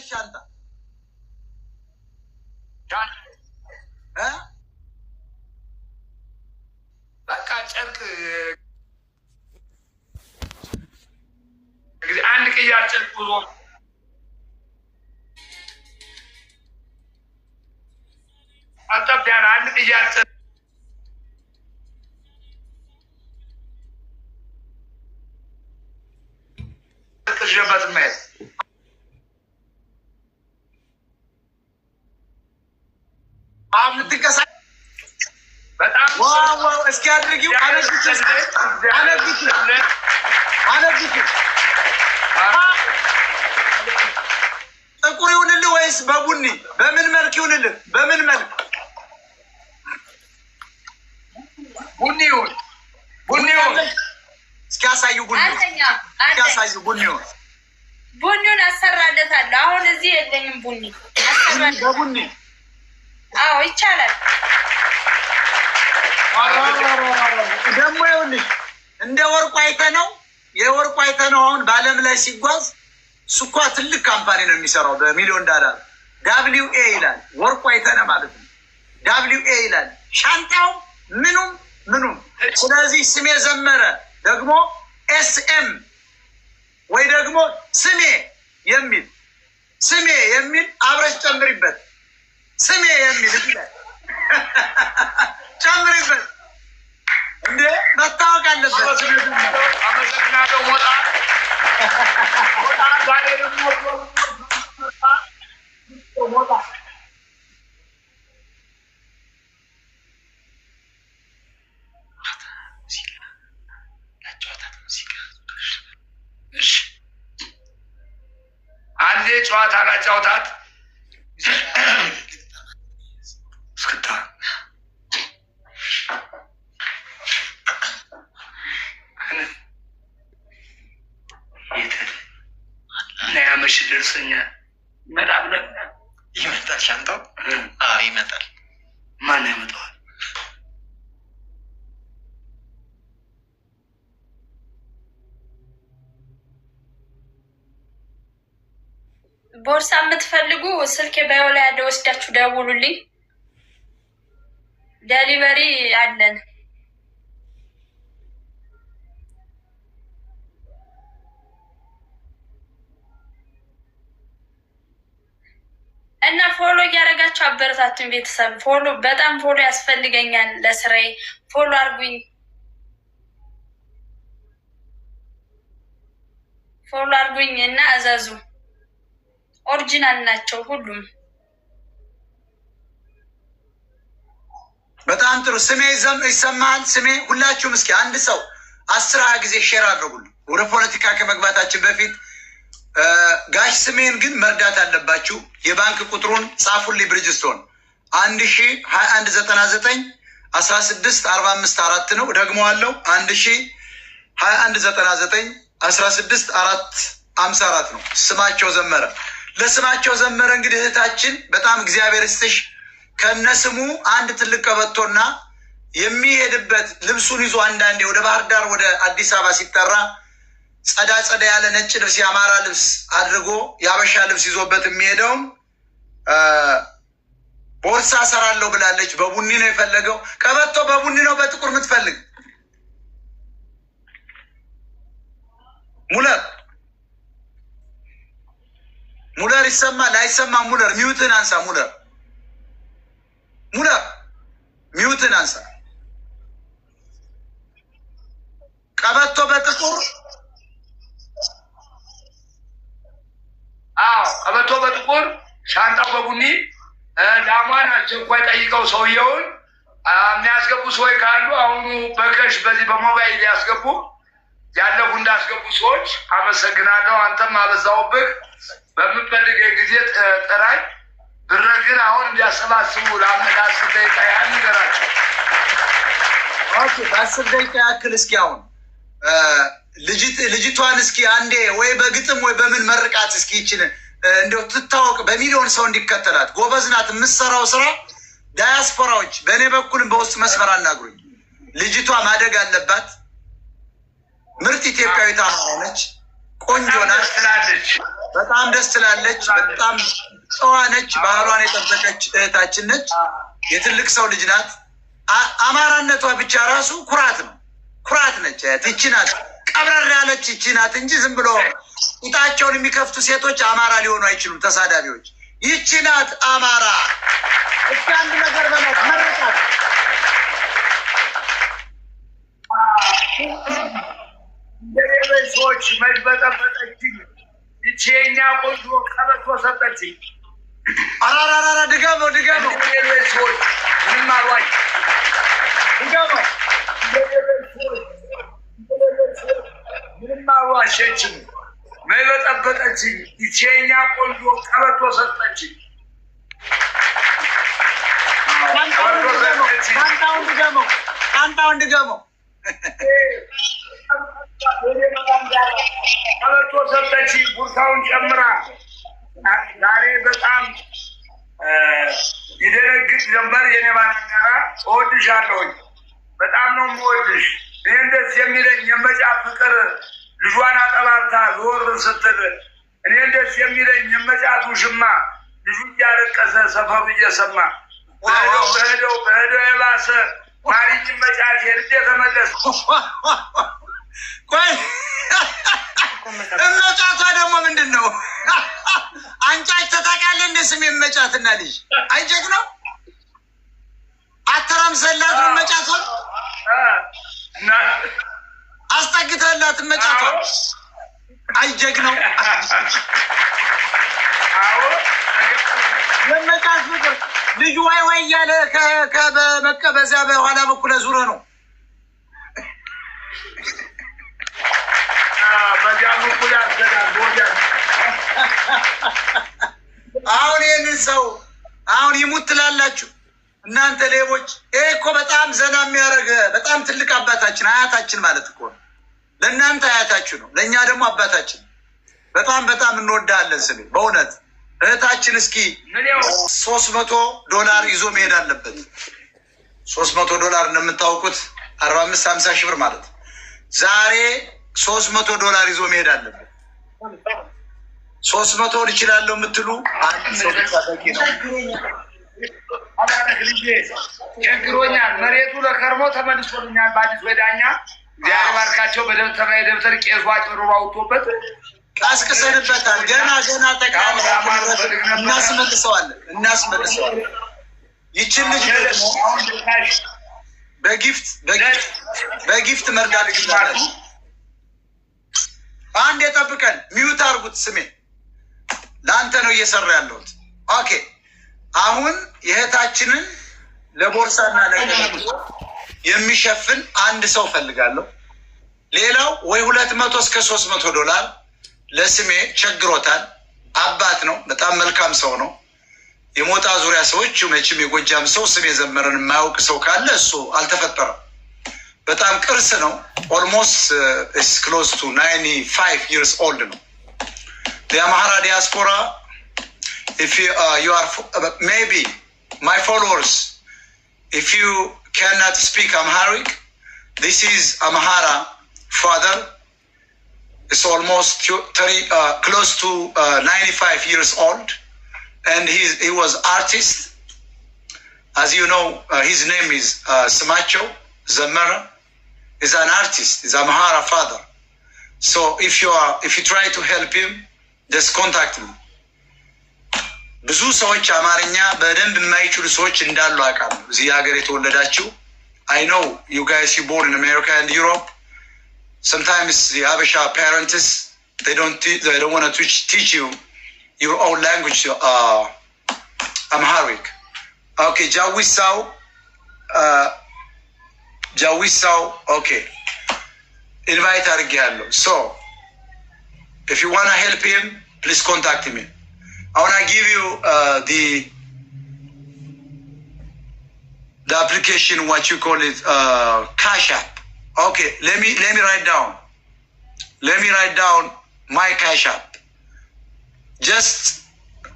yaşlarında. Can. He? እንግዲህ አንድ ቅያር ጨርቅ ጉዞ አጠብ ያለ አንድ ቅያር ጨርቅ ሸበት መሄድ እስኪ አድርጊው። ጥቁር ይሁንልህ ወይስ በቡኒ በምን መልክ ይሁንልህ? በምን መልክ ቡኒ ይሁን? ቡኒ ይሁን። እስኪ ቡኒ እስኪ ቡኒ ይሁን። ቡኒውን አሰራለታለሁ። አሁን እዚህ የለኝም ቡኒ አዎ ይቻላል። ደግሞ ይኸውልሽ እንደ ወርቁ አይተህ ነው የወርቁ አይተህ አሁን በዓለም ላይ ሲጓዝ ስኳ ትልቅ ካምፓኒ ነው የሚሰራው በሚሊዮን ዳላር ዳብሊው ኤ ይላል። ወርቁ አይተህ ነው ማለት ነው። ዳብሊው ኤ ይላል ሻንጣው ምኑም ምኑም። ስለዚህ ስሜ ዘመረ ደግሞ ኤስኤም ወይ ደግሞ ስሜ የሚል ስሜ የሚል አብረሽ ጨምሪበት ስሜ የሚል ጨምርበት እንዴ መታወቅ አለበት። አመሰግናለሁ። ሞጣ ሞጣ ዛሬ ደግሞ ሞጣ አንዴ ጨዋታ ላጫውታት ቦርሳ የምትፈልጉ ስልኬ ባዮ ላይ ያለ ወስዳችሁ ደውሉልኝ። ደሊቨሪ አለን። እና ፎሎ እያደረጋችሁ አበረታቱኝ ቤተሰብ። ፎሎ በጣም ፎሎ ያስፈልገኛል ለስራዬ። ፎሎ አርጉኝ፣ ፎሎ አርጉኝ እና እዘዙ ኦሪጂናል ናቸው ሁሉም። በጣም ጥሩ ስሜ ይሰማል። ስሜ ሁላችሁም እስኪ አንድ ሰው አስር ሀያ ጊዜ ሼር አድርጉልኝ። ወደ ፖለቲካ ከመግባታችን በፊት ጋሽ ስሜን ግን መርዳት አለባችሁ። የባንክ ቁጥሩን ጻፉልኝ። ብርጅስቶን አንድ ሺ ሀያ አንድ ዘጠና ዘጠኝ አስራ ስድስት አርባ አምስት አራት ነው። ደግሞ አለው አንድ ሺ ሀያ አንድ ዘጠና ዘጠኝ አስራ ስድስት አራት አምሳ አራት ነው። ስማቸው ዘመረ ለስማቸው ዘመረ። እንግዲህ እህታችን በጣም እግዚአብሔር ይስጥሽ። ከነስሙ አንድ ትልቅ ቀበቶና የሚሄድበት ልብሱን ይዞ አንዳንዴ ወደ ባህር ዳር ወደ አዲስ አበባ ሲጠራ ጸዳ ጸዳ ያለ ነጭ ልብስ የአማራ ልብስ አድርጎ የአበሻ ልብስ ይዞበት የሚሄደውም ቦርሳ ሰራለሁ ብላለች። በቡኒ ነው የፈለገው ቀበቶ። በቡኒ ነው በጥቁር የምትፈልግ ሙለት ሙለር ይሰማ ላይሰማ፣ ሙለር ሚውትን አንሳ። ሙለር ሙለር ሚውትን አንሳ። ቀበቶ በጥቁር አዎ፣ ቀበቶ በጥቁር ሻንጣው በቡኒ ዳሟን አስቸኳይ ጠይቀው ሰውየውን የሚያስገቡ ሰዎች ካሉ አሁኑ በከሽ በዚህ በሞባይል ያስገቡ ያለፉ እንዳስገቡ ሰዎች አመሰግናለሁ። አንተም አበዛውብህ። በምፈልገኝ ጊዜ ጥራኝ። ብር ግን አሁን እንዲያሰባስቡ ለአመት አስር ደቂቃ ያህል ይገራቸው። በአስር ደቂቃ ያክል እስኪ አሁን ልጅቷን እስኪ አንዴ ወይ በግጥም ወይ በምን መርቃት እስኪ ይችል እንደው ትታወቅ በሚሊዮን ሰው እንዲከተላት ጎበዝናት ናት። የምትሰራው ስራ ዳያስፖራዎች፣ በእኔ በኩልም በውስጥ መስመር አናግሩኝ። ልጅቷ ማደግ አለባት። ምርጥ ኢትዮጵያዊ አማራ ነች። ቆንጆ ናት ትላለች። በጣም ደስ ትላለች። በጣም ጨዋ ነች። ባህሏን የጠበቀች እህታችን ነች። የትልቅ ሰው ልጅ ናት። አማራነቷ ብቻ ራሱ ኩራት ነው። ኩራት ነች። ይቺ ናት ቀብረር ያለች ይቺ ናት እንጂ ዝም ብሎ ቂጣቸውን የሚከፍቱ ሴቶች አማራ ሊሆኑ አይችሉም። ተሳዳቢዎች ይቺ ናት አማራ። እስኪ አንድ ነገር በላት መረቃት የአበይ ሰዎች መጅበጠበጠችኝ። ይቺ የኛ ቆንጆ ቀበቶ ሰጠችኝ። አራራራ ድጋም ነው ድጋም ነው። የአበይ ሰዎች ምንም አሏቸው። ድጋም ነው ምንም አሏሸችኝ። መይበጠበጠችኝ። ይቺ ቆንጆ ቀበቶ ሰጠችኝ። ሻንጣውን ድገመው፣ ሻንጣውን ድገመው ከመቶ ሰጠች ጉርታውን ጨምራ። ዛሬ በጣም ይደነግጥ ነበር። የኔ ባለጋራ እወድሻለሁኝ፣ በጣም ነው የምወድሽ። ይህን ደስ የሚለኝ የመጫ ፍቅር ልጇን አጠባብታ ዞር ስትል እኔን ደስ የሚለኝ የመጫቱ ሽማ ልጁ እያለቀሰ ሰፈሩ እየሰማ በሄደው በሄደው የባሰ ታሪክ መጫት ሄድ የተመለስ ቆይ መጫቷ ደግሞ ምንድን ነው? አንጫጭ ተታውቃለህ? እንደ ስሜን መጫትና ልጅ አይጨቅ ነው አተራምሰላት መጫቷ አስጠግተላት መጫቷ አይጀግ ነው የመጫት ፍቅር ልጁ ዋይ ዋይ እያለ በመቀበዛ በኋላ በኩል ዙረ ነው። አሁን ይህንን ሰው አሁን ይሙት ትላላችሁ እናንተ ሌቦች። ይሄ እኮ በጣም ዘና የሚያደርግ በጣም ትልቅ አባታችን አያታችን ማለት እኮ ነው። ለእናንተ አያታችሁ ነው፣ ለእኛ ደግሞ አባታችን። በጣም በጣም እንወዳለን ስሜ በእውነት እህታችን እስኪ ሶስት መቶ ዶላር ይዞ መሄድ አለበት። ሶስት መቶ ዶላር እንደምታውቁት አርባ አምስት ሀምሳ ሺህ ብር ማለት ዛሬ ሶስት መቶ ዶላር ይዞ መሄድ አለበት። ሶስት መቶ ይችላለሁ የምትሉ ችግሮኛል። መሬቱ ለከርሞ ተመልሶልኛል። በአዲስ ወዳኛ ዚያር ባርካቸው በደብተርና የደብተር ቄሷ አጭሩ አውጥቶበት አስቅሰንበታል። ገና ገና ጠቃሚ እናስመልሰዋለን እናስመልሰዋለን። ይችን ልጅ ደግሞ በጊፍት በጊፍት መርዳት ይችላል። አንድ የጠብቀን ሚዩት አርጉት። ስሜ ለአንተ ነው እየሰራ ያለሁት። ኦኬ አሁን የእህታችንን ለቦርሳና የሚሸፍን አንድ ሰው ፈልጋለሁ። ሌላው ወይ ሁለት መቶ እስከ ሶስት መቶ ዶላር ለስሜ ቸግሮታል። አባት ነው። በጣም መልካም ሰው ነው። የሞጣ ዙሪያ ሰዎች መቼም የጎጃም ሰው ስም የዘመረን የማያውቅ ሰው ካለ እሱ አልተፈጠረም። በጣም ቅርስ ነው። ኦልሞስት ኢስ ክሎዝ ቱ ናይንቲ ፋይቭ ይርስ ኦልድ ነው። የአማራ ዲያስፖራ ሜይ ቢ ማይ ፎሎወርስ ኢፍ ዩ ካናት ስፒክ አምሃሪክ ዲስ ኢዝ አምሃራ ፋር is almost 30, uh, close to uh, 95 years old, and he, he was artist. As you know, uh, his name is uh, Samacho Zamara. He's an artist. He's a father. So if you are, if you try to help him, just contact me. ብዙ ሰዎች አማርኛ በደንብ የማይችሉ ሰዎች እንዳሉ አውቃለሁ። እዚህ ሀገር የተወለዳችሁ አይ ኖ ዩ ጋይስ ዩ ቦርን አሜሪካ ኤንድ ዩሮፕ Sometimes the Abisha parents they don't te- they don't want to teach, teach you your own language, uh, Amharic. Okay, Jawisau, uh, Jawisau. Okay, invite Arigiallo. So, if you wanna help him, please contact me. I wanna give you uh, the the application, what you call it, uh, Cash App. Okay, let me let me write down. Let me write down my cash app. Just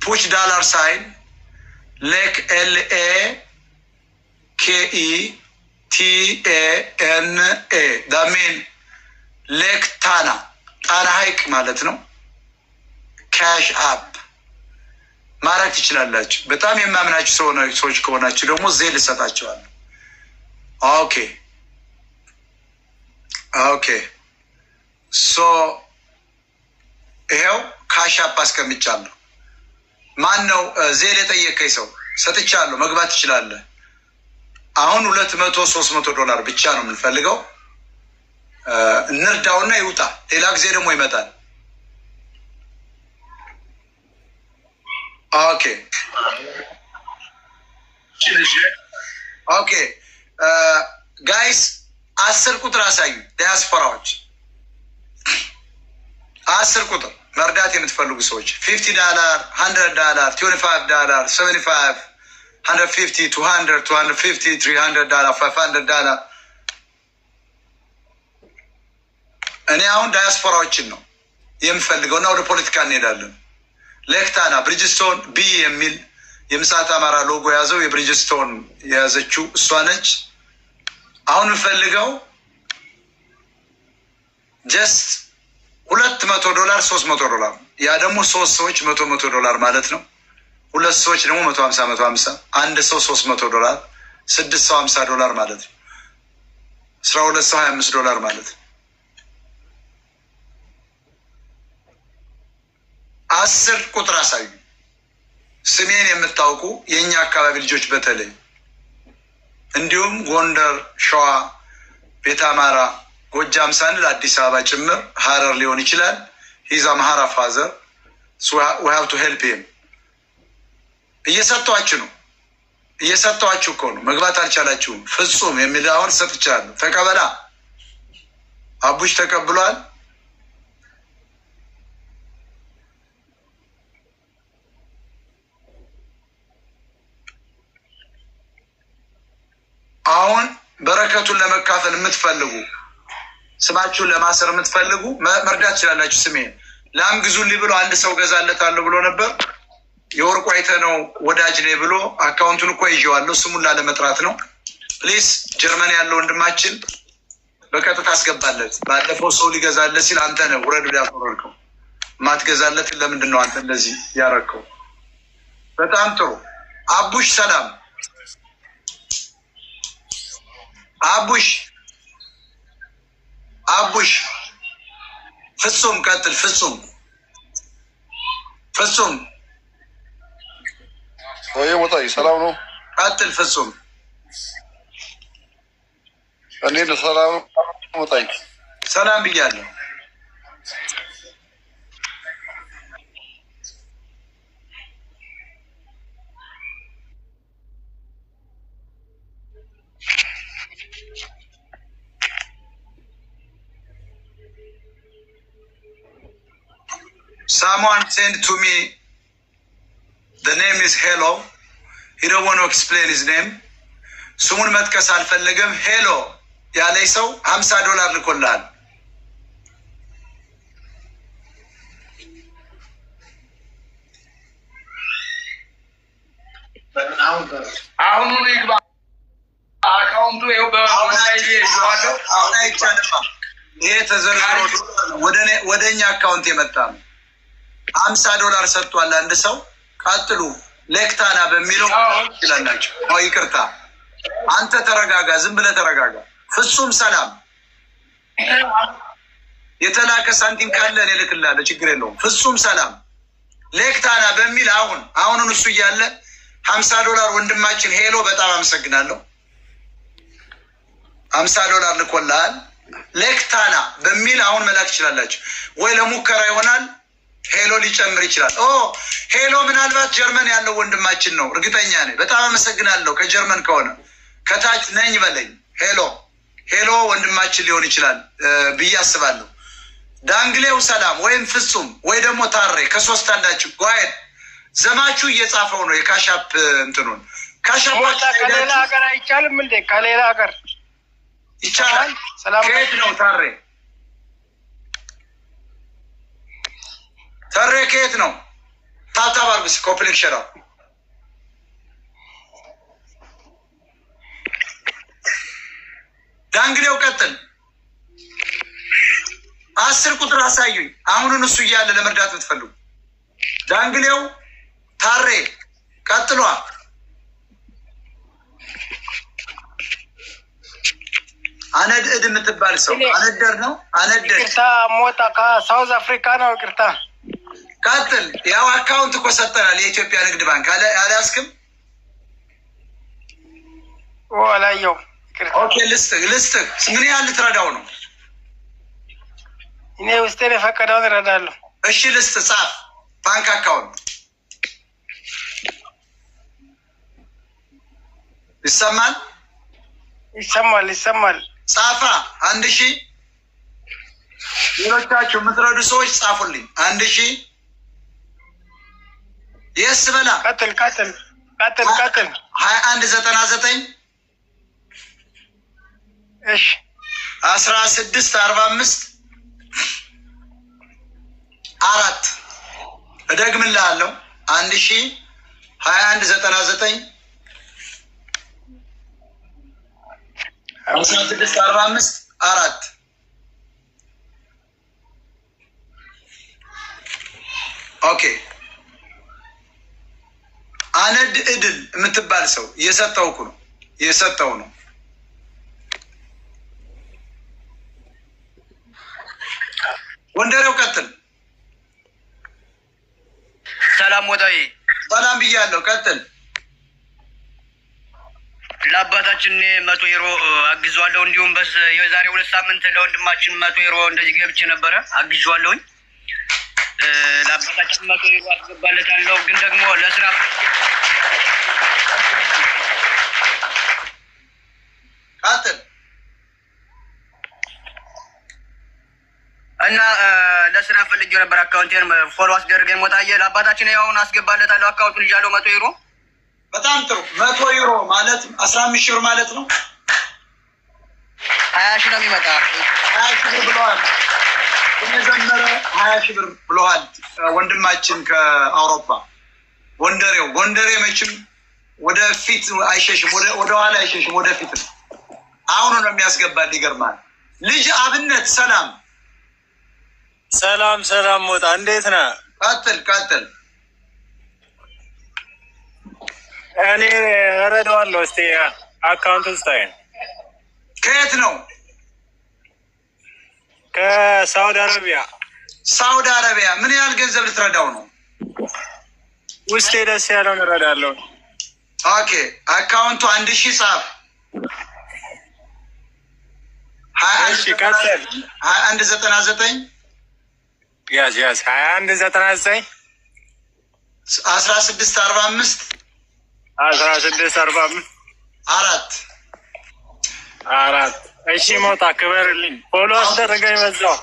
push dollar sign like L A K E T A N A. That means ሌክ ታና ጣና ሐይቅ ማለት ነው። ካሽ አፕ ማድረግ ትችላላችሁ። በጣም የማምናችሁ ሰዎች ከሆናችሁ ደግሞ ዜል እሰጣችኋለሁ። ኦኬ ኦኬ ሶ ይሄው ካሻፕ አስቀምጫለሁ። ማን ነው ዜል የጠየቀኝ ሰው? ሰጥቻለሁ። መግባት ትችላለህ። አሁን ሁለት መቶ ሶስት መቶ ዶላር ብቻ ነው የምንፈልገው። እንርዳውና ይውጣ። ሌላ ጊዜ ደግሞ ይመጣል። ኦኬ ኦኬ ጋይስ አስር ቁጥር አሳዩ። ዳያስፖራዎች አስር ቁጥር መርዳት የምትፈልጉ ሰዎች ፊፍቲ ዳላር፣ ሀንድረድ ዳላር፣ ቲዌንቲ ፋይቭ ዳላር፣ ሰቨንቲ ፋይቭ፣ ሀንድረድ ፊፍቲ፣ ቱ ሀንድረድ፣ ቱ ሀንድረድ ፊፍቲ፣ ትሪ ሀንድረድ ዳላር፣ ፋይቭ ሀንድረድ ዳላር። እኔ አሁን ዳያስፖራዎችን ነው የምፈልገው እና ወደ ፖለቲካ እንሄዳለን። ሌክታና ብሪጅስቶን ቢ የሚል የምስራቅ አማራ ሎጎ የያዘው የብሪጅስቶን የያዘችው እሷ ነች። አሁን የምፈልገው ጀስት ሁለት መቶ ዶላር ሶስት መቶ ዶላር ያ ደግሞ ሶስት ሰዎች መቶ መቶ ዶላር ማለት ነው። ሁለት ሰዎች ደግሞ መቶ ሀምሳ መቶ ሀምሳ አንድ ሰው ሶስት መቶ ዶላር ስድስት ሰው ሀምሳ ዶላር ማለት ነው። አስራ ሁለት ሰው ሀያ አምስት ዶላር ማለት ነው። አስር ቁጥር አሳዩ። ስሜን የምታውቁ የእኛ አካባቢ ልጆች በተለይ እንዲሁም ጎንደር፣ ሸዋ፣ ቤተ አማራ፣ ጎጃም ሳንል አዲስ አበባ ጭምር ሀረር ሊሆን ይችላል። ሂዛ መሀራ ፋዘር ሀብ ቱ ሄልፕ ሂም። እየሰጠኋችሁ ነው፣ እየሰጠኋችሁ እኮ ነው። መግባት አልቻላችሁም። ፍጹም የሚል አሁን ሰጥቻለሁ። ተቀበላ አቡሽ ተቀብሏል። አሁን በረከቱን ለመካፈል የምትፈልጉ ስማችሁን ለማሰር የምትፈልጉ መርዳት ትችላላችሁ። ስሜን ላም ግዙልኝ ብሎ አንድ ሰው ገዛለታለሁ ብሎ ነበር። የወርቁ አይተ ነው ወዳጅ ነ ብሎ አካውንቱን እኮ ይዤዋለሁ። ስሙን ላለመጥራት ነው። ፕሊስ ጀርመን ያለው ወንድማችን በቀጥታ አስገባለት። ባለፈው ሰው ሊገዛለት ሲል አንተ ነህ ውረድ ያፈረድከው። ማትገዛለትን ለምንድን ነው አንተ እንደዚህ ያረከው? በጣም ጥሩ አቡሽ ሰላም አቡሽ አቡሽ ፍጹም ቀጥል። ፍጹም ፍጹም ወይ ወጣይ ሰላም ነው። ቀጥል። ፍጹም እንዴት ነው? ሰላም ወጣይ። ሰላም ብያለሁ። send to me. The name is Hello. He don't want to explain his name. ስሙን መጥቀስ አልፈለገም። ሄሎ ያለኝ ሰው ሀምሳ ዶላር ልኮልሃል። አሁኑኑ ይግባ አካውንቱ ይሄ ተዘርዝሮ ወደ እኛ አካውንት የመጣ ነው። ሀምሳ ዶላር ሰጥቷል አንድ ሰው። ቀጥሉ ሌክታና በሚለው ይችላላቸው። ይቅርታ አንተ ተረጋጋ፣ ዝም ብለህ ተረጋጋ። ፍጹም ሰላም የተላከ ሳንቲም ካለ እኔ እልክልሃለሁ፣ ችግር የለውም። ፍጹም ሰላም ሌክታና በሚል አሁን አሁኑን እሱ እያለ ሀምሳ ዶላር ወንድማችን ሄሎ፣ በጣም አመሰግናለሁ። ሀምሳ ዶላር ልኮልሃል። ሌክታና በሚል አሁን መላክ ትችላላችሁ ወይ ለሙከራ ይሆናል ሄሎ ሊጨምር ይችላል። ኦ ሄሎ ምናልባት ጀርመን ያለው ወንድማችን ነው፣ እርግጠኛ ነኝ። በጣም አመሰግናለሁ። ከጀርመን ከሆነ ከታች ነኝ በለኝ። ሄሎ ሄሎ ወንድማችን ሊሆን ይችላል ብዬ አስባለሁ። ዳንግሌው ሰላም ወይም ፍጹም ወይ ደግሞ ታሬ ከሶስት አንዳችሁ ጓሄድ ዘማችሁ እየጻፈው ነው። የካሻፕ እንትኑን ካሻፕ ከሌላ ሀገር አይቻልም እንዴ? ከሌላ ሀገር ይቻላል። ከየት ነው ታሬ ተሬ ከየት ነው? ታብታብ አድርጉ እስኪ ኮፕሊንግ ዳንግሌው ቀጥል። አስር ቁጥር አሳዩኝ። አሁኑን እሱ እያለ ለመርዳት ብትፈልጉ ዳንግሌው ታሬ ቀጥሏል። አነድ እድ የምትባል ሰው አነደር ነው። አነደር ሞጣ ከሳውዝ አፍሪካ ነው። ቅርታ ቀጥል። ያው አካውንት እኮ ሰጠናል። የኢትዮጵያ ንግድ ባንክ አልያዝክም? አላየው። ኦኬ፣ ልስጥህ ልስጥህ። ምን ያህል ልትረዳው ነው? እኔ ውስጤ የፈቀደውን እረዳለሁ። እሺ፣ ልስት ጻፍ። ባንክ አካውንት ይሰማል? ይሰማል፣ ይሰማል። ጻፋ። አንድ ሺህ ሌሎቻችሁ የምትረዱ ሰዎች ጻፉልኝ። አንድ ሺህ የስ በላ ቀጥል ቀጥል ቀጥል ቀጥል ሀያ አንድ ዘጠና ዘጠኝ እሺ አስራ ስድስት አርባ አምስት አራት እደግምልሃለሁ አንድ ሺ ሀያ አንድ ዘጠና ዘጠኝ አስራ ስድስት አርባ አምስት አራት ኦኬ አነድ እድል የምትባል ሰው እየሰጠው እኮ ነው እየሰጠው ነው። ወንደሬው ቀጥል። ሰላም ወዳዬ ሰላም ብያለሁ። ቀጥል። ለአባታችን መቶ ሄሮ አግዟለሁ። እንዲሁም በስ የዛሬ ሁለት ሳምንት ለወንድማችን መቶ ሄሮ እንደዚህ ገብቼ ነበረ አግዟለሁኝ። ተጨመቀ ሄዶ አስገባለታለሁ። ግን ደግሞ ለስራ ቀጥል እና ለስራ ፈልጌ ነበር። አካውንቴን ፎሎ አስደርገኝ ሞታየ ለአባታችን ያውን አስገባለታለሁ። ልጅ ይዣለሁ። መቶ ዩሮ በጣም ጥሩ። መቶ ዩሮ ማለት አስራ አምስት ሺህ ማለት ነው። ሀያ ሺ ነው የሚመጣ ሀያ ሺ ብለዋል። እየዘመረ ሀያ ሺ ብር ብለዋል ወንድማችን ከአውሮፓ ጎንደሬው። ጎንደሬ መችም ወደፊት አይሸሽም፣ ወደኋላ አይሸሽም፣ ወደፊት ነው። አሁኑ ነው የሚያስገባል። ይገርማል። ልጅ አብነት ሰላም፣ ሰላም፣ ሰላም። ሞጣ እንዴት ነ ቀጥል፣ ቀጥል። እኔ እረዳዋለሁ። እስኪ አካውንት ስታይ ከየት ነው ከሳውዲ አረቢያ ሳውዲ አረቢያ ምን ያህል ገንዘብ ልትረዳው ነው? ውስጤ ደስ ያለውን እረዳለሁ። ኦኬ አካውንቱ አንድ ሺ ጻፍ። አንድ ዘጠና ዘጠኝ ያዝ ያዝ ሀያ አንድ ዘጠና ዘጠኝ አስራ ስድስት አርባ አምስት አስራ ስድስት አርባ አምስት አራት አራት እሺ ሞታ ክበርልኝ። ፎሎ አስደረገ ይበዛው።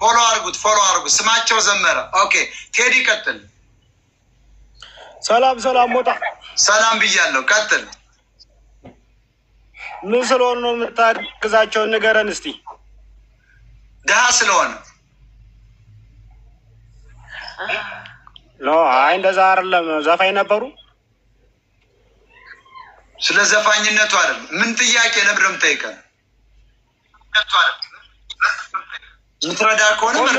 ፎሎ አርጉት፣ ፎሎ አርጉት። ስማቸው ዘመረ። ኦኬ ቴዲ ቀጥል። ሰላም ሰላም፣ ሞታ ሰላም ብያለሁ። ቀጥል። ምን ስለሆነ ነው የምታግዛቸው? ንገረን እስቲ። ድሀ ስለሆነ ኖ፣ አይ እንደዛ አይደለም። ዘፋኝ ነበሩ። ስለ ዘፋኝነቱ አይደለም። ምን ጥያቄ ነበር የምጠይቀን? ምትረዳ ከሆነ